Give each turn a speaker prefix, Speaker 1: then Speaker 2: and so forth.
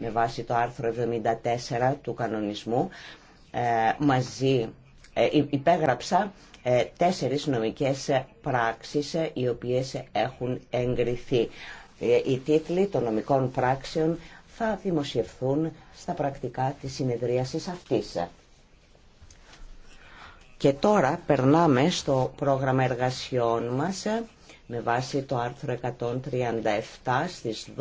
Speaker 1: με βάση το άρθρο 74 του κανονισμού ε, μαζί ε, υπέγραψα ε, τέσσερις νομικές πράξεις οι οποίες έχουν εγκριθεί. Οι τίτλοι των νομικών πράξεων θα δημοσιευθούν στα πρακτικά της συνεδρίασης αυτής. Και τώρα περνάμε στο πρόγραμμα εργασιών μας με βάση το άρθρο 137 στις